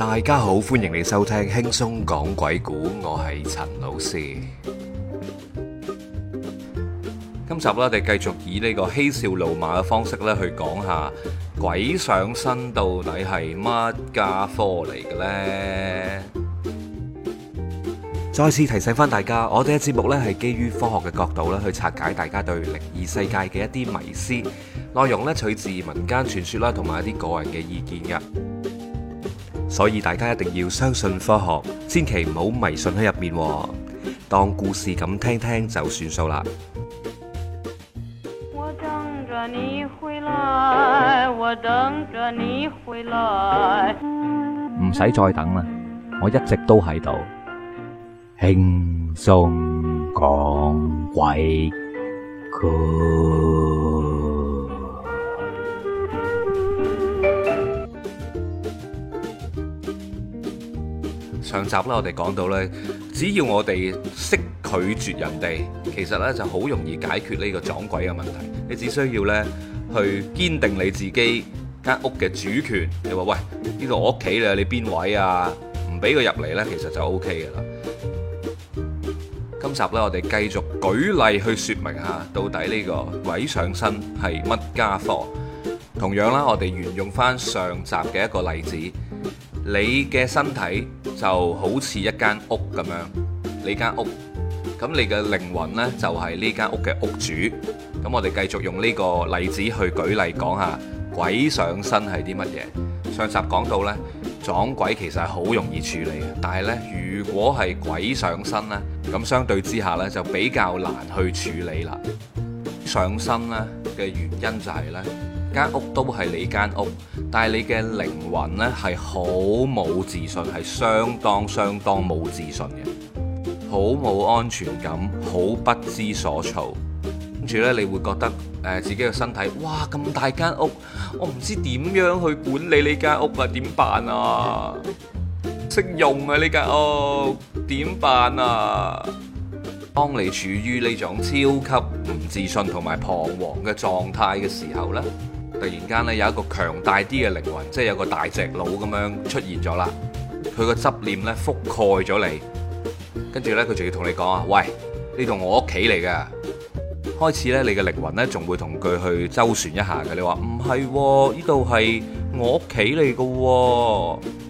大家好，歡迎你收聽輕鬆講鬼故。我係陳老師。今集我哋繼續以呢個嬉笑怒罵嘅方式咧去講下鬼上身到底係乜家科嚟嘅咧？再次提醒翻大家，我哋嘅節目呢係基於科學嘅角度啦，去拆解大家對靈異世界嘅一啲迷思，內容呢取自民間傳說啦，同埋一啲個人嘅意見嘅。所以大家一定要相信科學，千祈唔好迷信喺入面，當故事咁聽聽就算數啦。我等着你回來，我等着你回來。唔使再等啦，我一直都喺度，輕鬆講鬼故事。今集啦，我哋講到呢，只要我哋識拒絕人哋，其實呢就好容易解決呢個撞鬼嘅問題。你只需要呢去堅定你自己間屋嘅主權，你話喂，呢度、這個、我屋企啦，你邊位啊？唔俾佢入嚟呢，其實就 O K 噶啦。今集呢，我哋繼續舉例去說明下到底呢個鬼上身係乜家伙？同樣啦，我哋沿用翻上集嘅一個例子。你嘅身體就好似一間屋咁樣，你間屋咁你嘅靈魂呢，就係呢間屋嘅屋主。咁我哋繼續用呢個例子去舉例講下鬼上身係啲乜嘢。上集講到呢，撞鬼其實係好容易處理嘅，但係呢，如果係鬼上身呢，咁相對之下呢，就比較難去處理啦。上身呢嘅原因就係、是、呢。間屋都係你間屋，但係你嘅靈魂呢係好冇自信，係相當相當冇自信嘅，好冇安全感，好不知所措。跟住呢，你會覺得誒、呃、自己嘅身體，哇咁大間屋，我唔知點樣去管理呢間屋啊，點辦啊？識用啊呢間屋，點辦啊？當你處於呢種超級唔自信同埋彷徨嘅狀態嘅時候呢。突然間咧有一個強大啲嘅靈魂，即係有個大隻佬咁樣出現咗啦。佢個執念咧覆蓋咗你，跟住呢，佢仲要同你講啊：喂，呢度我屋企嚟㗎。開始呢，你嘅靈魂呢，仲會同佢去周旋一下嘅。你話唔係？呢度係我屋企嚟嘅。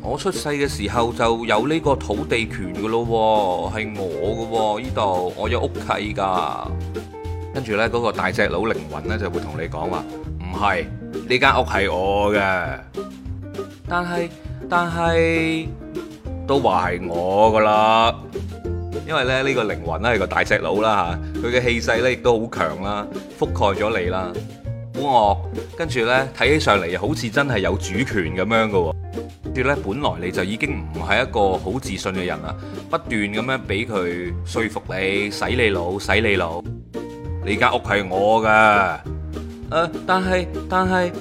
我出世嘅時候就有呢個土地權嘅咯，係我嘅喎。呢度我有屋契㗎。跟住呢，嗰個大隻佬靈魂呢，就會同你講話。唔係，呢間屋係我嘅，但係但係都話係我噶啦，因為咧呢個靈魂咧係個大隻佬啦吓，佢嘅氣勢咧亦都好強啦，覆蓋咗你啦，好惡，跟住咧睇起上嚟好似真係有主權咁樣噶，跟住咧本來你就已經唔係一個好自信嘅人啦，不斷咁樣俾佢說服你，洗你腦洗你腦，你間屋係我嘅。呃、但係但係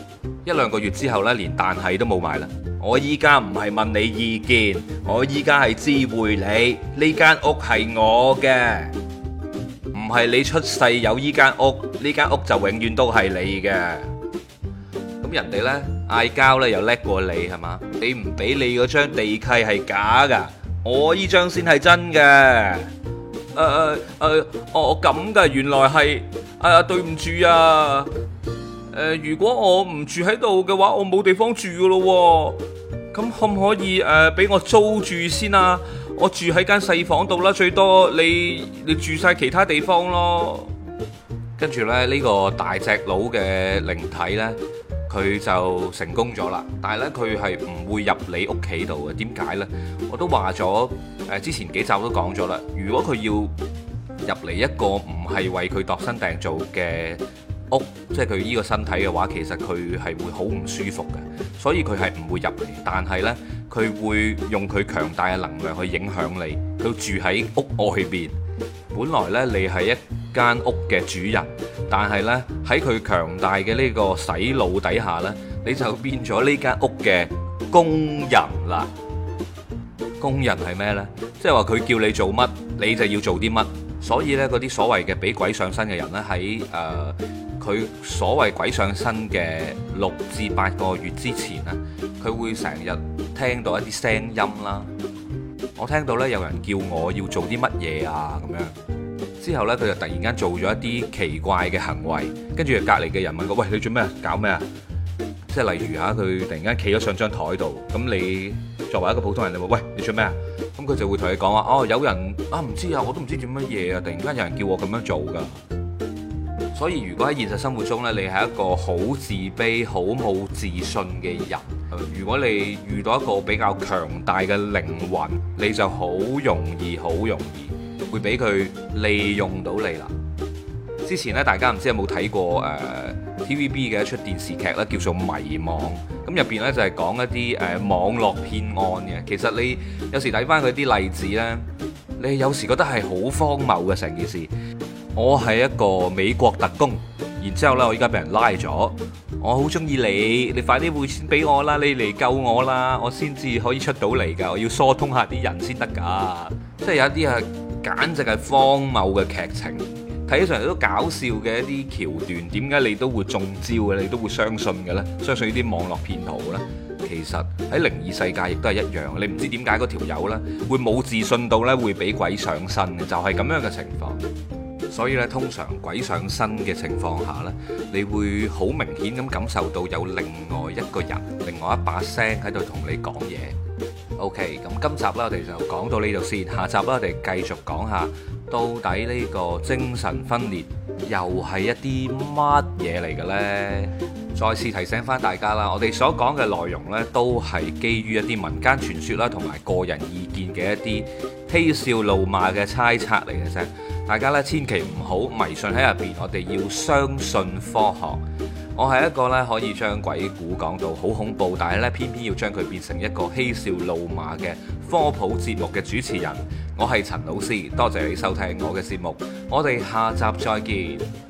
一兩個月之後呢，連但係都冇埋啦。我依家唔係問你意見，我依家係知會你呢間屋係我嘅，唔係你出世有依間屋，呢間屋就永遠都係你嘅。咁人哋呢，嗌交呢又叻過你係嘛？你唔俾你嗰張地契係假噶，我依張先係真嘅。誒誒誒，哦咁噶，原來係誒、呃，對唔住啊，誒、呃，如果我唔住喺度嘅話，我冇地方住噶咯、哦，咁、嗯、可唔可以誒，俾、呃、我租住先啊？我住喺間細房度啦，最多你你住晒其他地方咯。跟住咧，呢、這個大隻佬嘅靈體咧。佢就成功咗啦，但係呢，佢係唔會入你屋企度嘅，點解呢？我都話咗，誒之前幾集都講咗啦。如果佢要入嚟一個唔係為佢度身訂造嘅屋，即係佢呢個身體嘅話，其實佢係會好唔舒服嘅，所以佢係唔會入嚟。但係呢，佢會用佢強大嘅能量去影響你。佢住喺屋外邊，本來呢，你係一間屋嘅主人。但係呢，喺佢強大嘅呢個洗腦底下呢，你就變咗呢間屋嘅工人啦。工人係咩呢？即係話佢叫你做乜，你就要做啲乜。所以呢，嗰啲所謂嘅俾鬼上身嘅人呢，喺誒佢所謂鬼上身嘅六至八個月之前呢，佢會成日聽到一啲聲音啦。我聽到呢，有人叫我要做啲乜嘢啊，咁樣。之後呢，佢就突然間做咗一啲奇怪嘅行為，跟住隔離嘅人問佢：喂，你做咩？搞咩啊？即係例如吓，佢突然間企咗上張枱度，咁你作為一個普通人，你話：喂，你做咩啊？咁佢就會同你講話：哦，有人啊，唔知啊，我都唔知做乜嘢啊！突然間有人叫我咁樣做㗎。所以如果喺現實生活中呢，你係一個好自卑、好冇自信嘅人，如果你遇到一個比較強大嘅靈魂，你就好容易、好容易。會俾佢利用到你啦。之前咧，大家唔知有冇睇過誒、呃、TVB 嘅一出電視劇咧，叫做《迷網》。咁入邊咧就係、是、講一啲誒、呃、網絡騙案嘅。其實你有時睇翻佢啲例子呢，你有時覺得係好荒謬嘅成件事。我係一個美國特工，然之後呢，我依家被人拉咗。我好中意你，你快啲匯錢俾我啦！你嚟救我啦！我先至可以出到嚟㗎。我要疏通下啲人先得㗎。即係有一啲係。簡直係荒謬嘅劇情，睇起上嚟都搞笑嘅一啲橋段，點解你都會中招嘅？你都會相信嘅咧？相信呢啲網絡騙徒咧？其實喺靈異世界亦都係一樣，你唔知點解嗰條友呢會冇自信到呢會俾鬼上身嘅，就係咁樣嘅情況。所以咧，通常鬼上身嘅情況下呢，你會好明顯咁感受到有另外一個人、另外一把聲喺度同你講嘢。OK，咁今集呢，我哋就講到呢度先。下集呢，我哋繼續講下到底呢個精神分裂又係一啲乜嘢嚟嘅呢？再次提醒翻大家啦，我哋所講嘅內容呢，都係基於一啲民間傳說啦，同埋個人意見嘅一啲嬉笑怒罵嘅猜測嚟嘅啫。大家呢，千祈唔好迷信喺入邊，我哋要相信科學。我係一個咧可以將鬼故講到好恐怖，但係咧偏偏要將佢變成一個嬉笑怒罵嘅科普節目嘅主持人。我係陳老師，多謝你收聽我嘅節目，我哋下集再見。